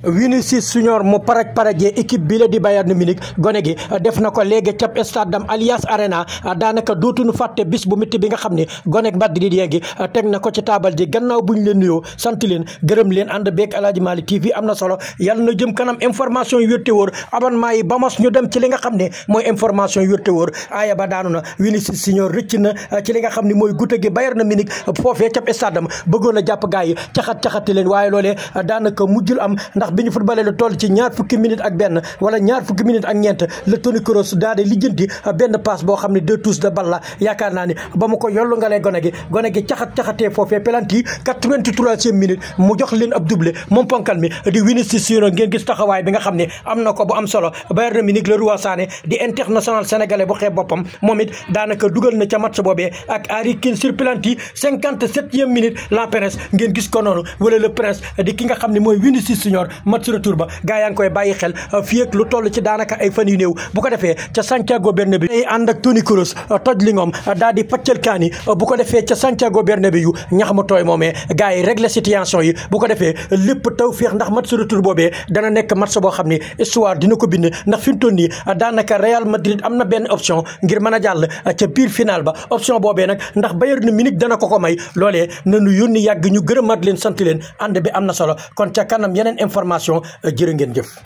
Vinicius Junior mu paraj parajee équipe bi la di Bayern Munich gone gi def na ko léegi cap stade am Allianz Arena daanaka dootuñu fàtte bis bu métti bi nga xam ni gone Madrid yee ngi teg na ko ci taabal ji gannaaw bu ñu leen nuyoo sant leen gërëm leen ànd beeg Aladji Malick TV am na solo yàlla na jëm kanam information yu wér te wóor abonnement yi ba mos ñu dem ci li nga xam ne mooy information yu wér ba daanu na Vinicius Junior rëcc na ci li nga xam ne mooy gute gi Bayern Munich foofee cap stade am bëggoon a jàpp gars yi caxat caxati leen waaye loolee daanaka mujjul am ndax ndax bi ñu footballé lu toll ci ñaar fukki minutes ak benn wala ñaar fukki minutes ak ñeent la Toni Kroos daal di lijjanti benn passe boo xam ne deux touches de balle la yaakaar naa ni ba mu ko yollu nga lay gone gi gone gi caxat caxatee foofee pelanti 83 mu jox leen ab doublé moom ponkal mi di Vinicius Junior ngeen gis taxawaay bi nga xam ne am na ko bu am solo Bayern Munich le Leroy Sané di international sénégalais bu xeeb boppam moom it daanaka dugal na ca match boobee ak Harry Kane sur pelanti 57e la Perez ngeen gis ko noonu wala le Perez ki nga xam ne mooy Vinicius Junior match retour ba gars yaa ngi koy bàyyi xel fii lu toll ci daanaka ay fan yu néew bu ko defee ca Santiago Bernabéu day ànd ak Toni Kroos toj li ngoom daal di paccal kaani bu ko defee ca Santiago Bernabéu ñax mu tooy moomee gars yi régler situation yi bu ko defee lépp taw féex ndax match retour boobee dana nekk match boo xam ni histoire dina ko bind ndax fi mu nii daanaka Real Madrid am na benn option ngir mën a jàll ca biir final ba option boobee nag ndax Bayern Munich dana ko ko may loolee nanu yónni yàgg ñu gërëmaat leen sant leen ànd am na solo kon information jërë ngeen jëf.